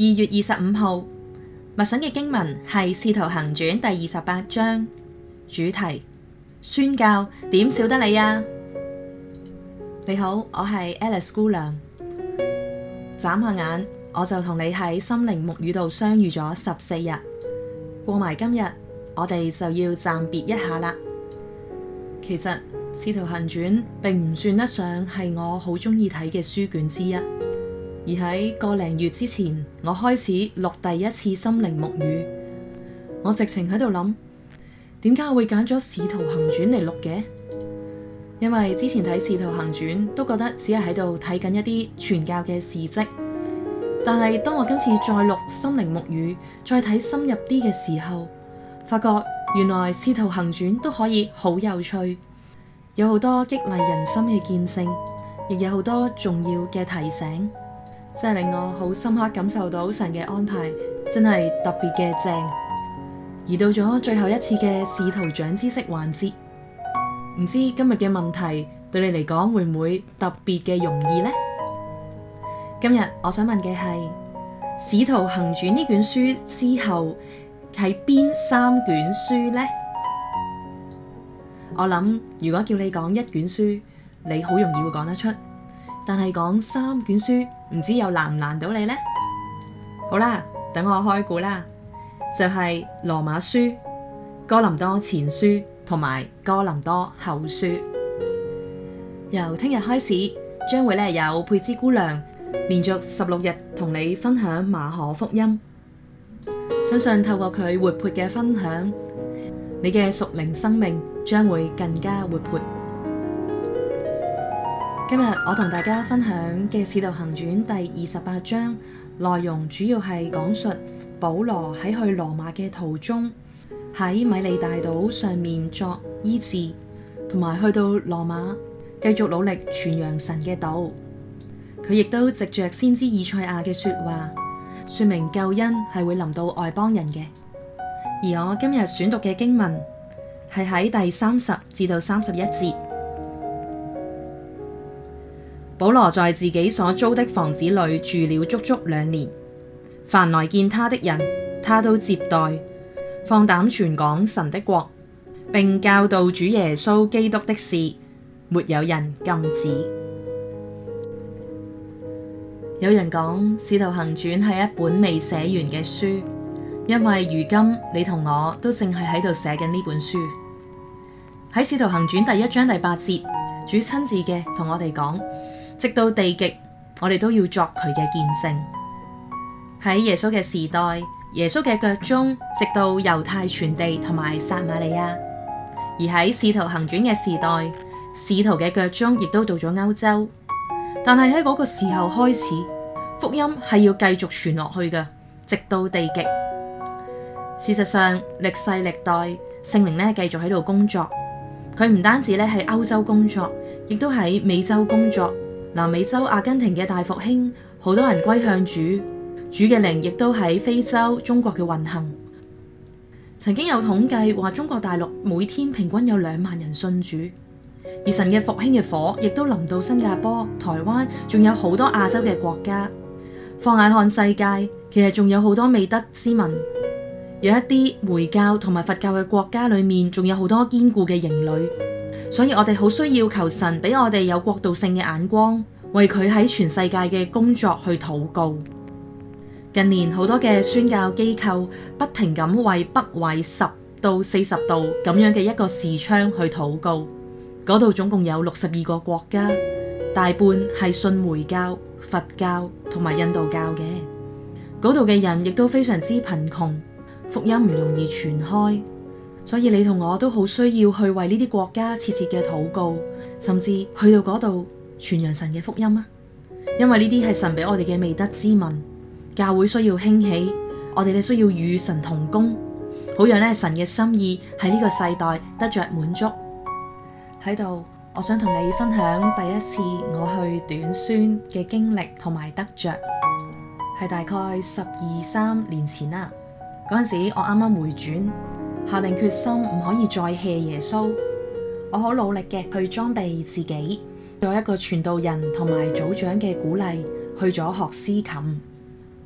二月二十五號，默想嘅經文係《使徒行傳》第二十八章，主題：宣教，點少得你啊！你好，我係 Alice 姑娘。眨下眼，我就同你喺心靈牧語度相遇咗十四日，過埋今日，我哋就要暫別一下啦。其實《使徒行傳》並唔算得上係我好鍾意睇嘅書卷之一。而喺個零月之前，我開始錄第一次心靈牧語。我直情喺度諗，點解我會揀咗《使徒行傳》嚟錄嘅？因為之前睇《使徒行傳》都覺得只係喺度睇緊一啲傳教嘅事跡。但係當我今次再錄心靈牧語，再睇深入啲嘅時候，發覺原來《使徒行傳》都可以好有趣，有好多激勵人心嘅見證，亦有好多重要嘅提醒。真係令我好深刻感受到神嘅安排，真係特別嘅正。而到咗最後一次嘅使徒長知識環節，唔知今日嘅問題對你嚟講會唔會特別嘅容易呢？今日我想問嘅係《使徒行傳》呢卷書之後係邊三卷書呢？我諗如果叫你講一卷書，你好容易會講得出，但係講三卷書。唔知又難唔難到你呢？好啦，等我開估啦，就係羅馬書、哥林多前書、同埋哥林多後書。由聽日開始，將會咧有佩芝姑娘連續十六日同你分享馬可福音。相信透過佢活潑嘅分享，你嘅屬靈生命將會更加活潑。今日我同大家分享嘅《使徒行傳》第二十八章，內容主要係講述保羅喺去羅馬嘅途中，喺米利大島上面作醫治，同埋去到羅馬繼續努力傳揚神嘅道。佢亦都藉着先知以賽亞嘅說話，說明救恩係會臨到外邦人嘅。而我今日選讀嘅經文係喺第三十至到三十一節。保羅在自己所租的房子裏住了足足兩年，凡來見他的人，他都接待，放膽傳講神的國，並教導主耶穌基督的事，沒有人禁止。有人講《使徒行傳》係一本未寫完嘅書，因為如今你同我都正係喺度寫緊呢本書。喺《使徒行傳》第一章第八節，主親自嘅同我哋講。直到地極，我哋都要作佢嘅見證。喺耶穌嘅時代，耶穌嘅腳蹤，直到猶太傳地同埋撒瑪利亞；而喺使徒行傳嘅時代，使徒嘅腳蹤亦都到咗歐洲。但係喺嗰個時候開始，福音係要繼續傳落去嘅，直到地極。事實上，歷世歷代聖靈呢繼續喺度工作。佢唔單止呢喺歐洲工作，亦都喺美洲工作。南美洲阿根廷嘅大復興，好多人歸向主，主嘅靈亦都喺非洲、中國嘅運行。曾經有統計話，中國大陸每天平均有兩萬人信主，而神嘅復興嘅火亦都臨到新加坡、台灣，仲有好多亞洲嘅國家。放眼看世界，其實仲有好多未得之民，有一啲回教同埋佛教嘅國家裏面，仲有好多堅固嘅營壘。所以我哋好需要求神俾我哋有國度性嘅眼光，為佢喺全世界嘅工作去禱告。近年好多嘅宣教機構不停咁為北緯十到四十度咁樣嘅一個視窗，去禱告，嗰度，總共有六十二個國家，大半係信回教、佛教同埋印度教嘅，嗰度嘅人亦都非常之貧窮，福音唔容易傳開。所以你同我都好需要去為呢啲國家切切嘅禱告，甚至去到嗰度傳揚神嘅福音啊！因為呢啲係神俾我哋嘅未得之民，教會需要興起，我哋咧需要與神同工，好讓咧神嘅心意喺呢個世代得着滿足。喺度，我想同你分享第一次我去短宣嘅經歷同埋得着，係大概十二三年前啦。嗰陣時我啱啱回轉。下定決心唔可以再棄耶穌，我好努力嘅去裝備自己，做一個傳道人同埋組長嘅鼓勵，去咗學司琴。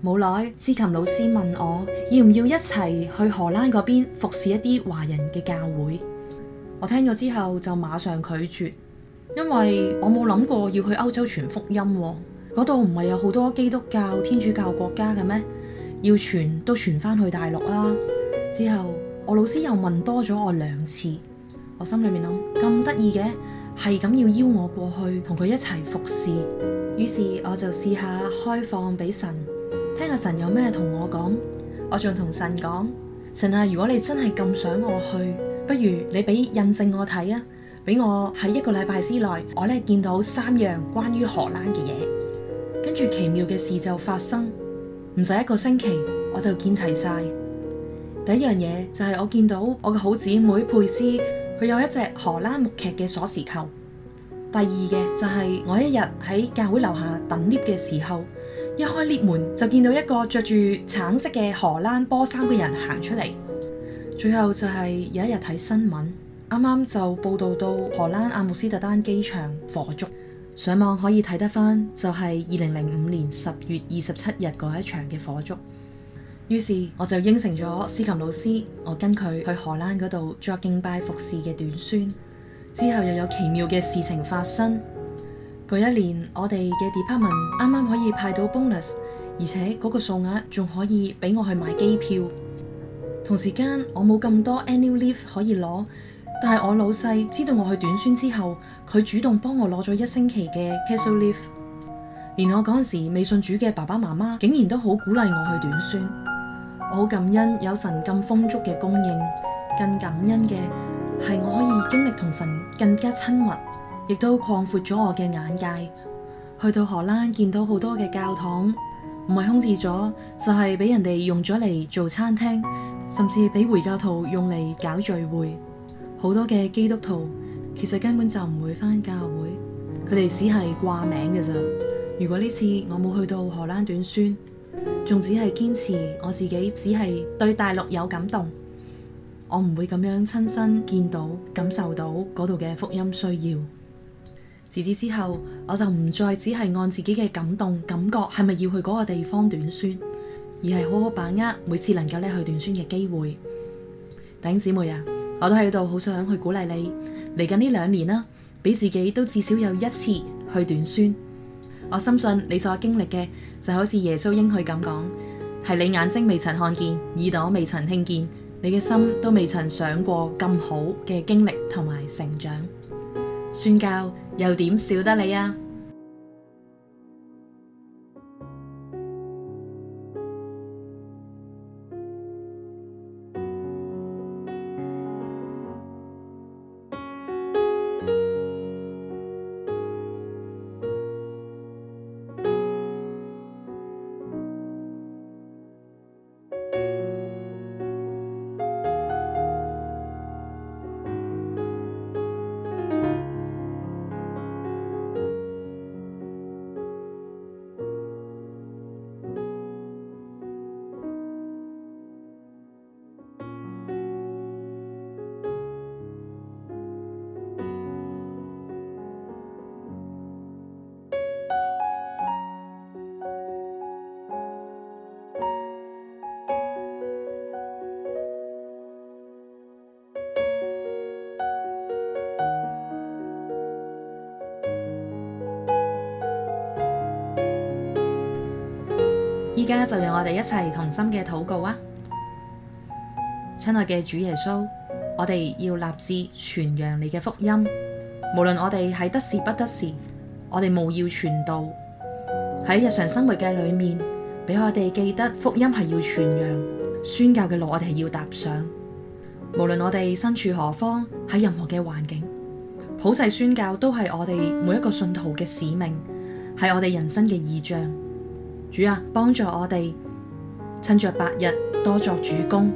冇耐，司琴老師問我要唔要一齊去荷蘭嗰邊服侍一啲華人嘅教會。我聽咗之後就馬上拒絕，因為我冇諗過要去歐洲傳福音喎。嗰度唔係有好多基督教、天主教國家嘅咩？要傳都傳翻去大陸啦。之後。我老師又問多咗我兩次，我心裏面諗，咁得意嘅，係咁要邀我過去同佢一齊服侍。於是我就試下開放俾神，聽下神有咩同我講。我仲同神講，神啊，如果你真係咁想我去，不如你畀印證我睇啊，俾我喺一個禮拜之內，我咧見到三樣關於荷蘭嘅嘢。跟住奇妙嘅事就發生，唔使一個星期，我就見齊晒。第一樣嘢就係、是、我見到我嘅好姊妹佩斯，佢有一隻荷蘭木屐嘅鎖匙扣。第二嘅就係、是、我一日喺教會樓下等 lift 嘅時候，一開 lift 門就見到一個着住橙色嘅荷蘭波衫嘅人行出嚟。最後就係有一日睇新聞，啱啱就報道到荷蘭阿姆斯特丹機場火燭。上網可以睇得返，就係二零零五年十月二十七日嗰一場嘅火燭。於是我就應承咗司琴老師，我跟佢去荷蘭嗰度作敬拜服事嘅短宣。之後又有奇妙嘅事情發生。嗰一年我哋嘅 department 啱啱可以派到 bonus，而且嗰個數額仲可以畀我去買機票。同時間我冇咁多 annual leave 可以攞，但係我老細知道我去短宣之後，佢主動幫我攞咗一星期嘅 casual leave。連我嗰陣時未信主嘅爸爸媽媽，竟然都好鼓勵我去短宣。我好感恩有神咁豐足嘅供應，更感恩嘅係我可以經歷同神更加親密，亦都擴闊咗我嘅眼界。去到荷蘭見到好多嘅教堂，唔係空置咗，就係俾人哋用咗嚟做餐廳，甚至俾回教徒用嚟搞聚會。好多嘅基督徒其實根本就唔會返教會，佢哋只係掛名嘅咋。如果呢次我冇去到荷蘭短宣。仲只係堅持我自己，只係對大陸有感動，我唔會咁樣親身見到、感受到嗰度嘅福音需要。自此之後，我就唔再只係按自己嘅感動感覺係咪要去嗰個地方短宣，而係好好把握每次能夠咧去短宣嘅機會。弟兄姊妹啊，我都喺度好想去鼓勵你，嚟緊呢兩年啦，啊，俾自己都至少有一次去短宣。我深信你所經歷嘅，就好似耶穌應許咁講，係你眼睛未曾看見，耳朵未曾聽見，你嘅心都未曾想過咁好嘅經歷同埋成長。宣教，又點少得你啊？而家就讓我哋一齊同心嘅禱告啊！親愛嘅主耶穌，我哋要立志傳揚你嘅福音，無論我哋喺得時不得時，我哋務要傳道。喺日常生活嘅裏面，俾我哋記得福音係要傳揚，宣教嘅路我哋係要踏上。無論我哋身處何方，喺任何嘅環境，普世宣教都係我哋每一個信徒嘅使命，係我哋人生嘅意象。主啊，幫助我哋，趁着白日多作主工，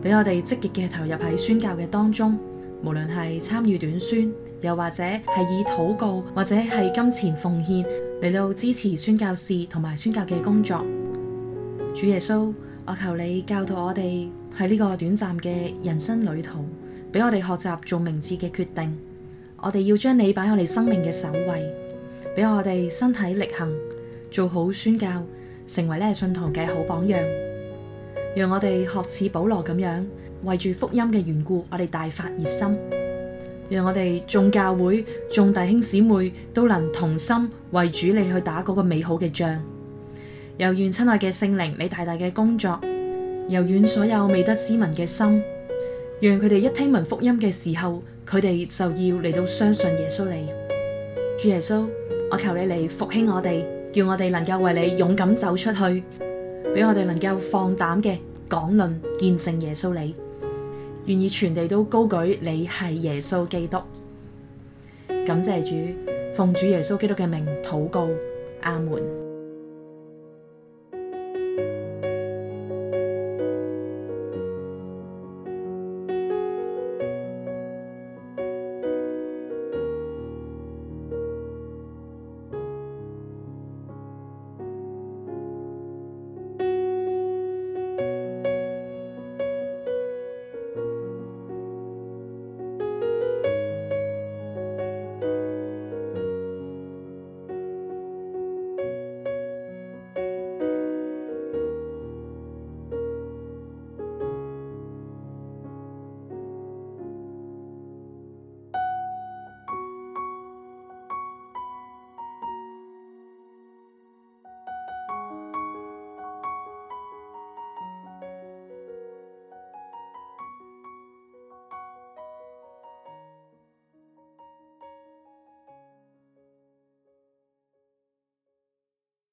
俾我哋積極嘅投入喺宣教嘅當中，無論係參與短宣，又或者係以禱告或者係金錢奉獻嚟到支持宣教士同埋宣教嘅工作。主耶穌，我求你教導我哋喺呢個短暫嘅人生旅途，俾我哋學習做明智嘅決定。我哋要將你擺喺我哋生命嘅首位，俾我哋身體力行。做好宣教，成為咧信徒嘅好榜樣，讓我哋學似保羅咁樣，為住福音嘅緣故，我哋大發熱心，讓我哋眾教會、眾弟兄姊妹都能同心為主你去打嗰個美好嘅仗。又願親愛嘅聖靈，你大大嘅工作，又願所有未得之民嘅心，讓佢哋一聽聞福音嘅時候，佢哋就要嚟到相信耶穌你。主耶穌，我求你嚟復興我哋。叫我哋能夠為你勇敢走出去，俾我哋能夠放膽嘅講論見證耶穌你，願意全地都高舉你係耶穌基督。感謝主，奉主耶穌基督嘅名禱告，阿門。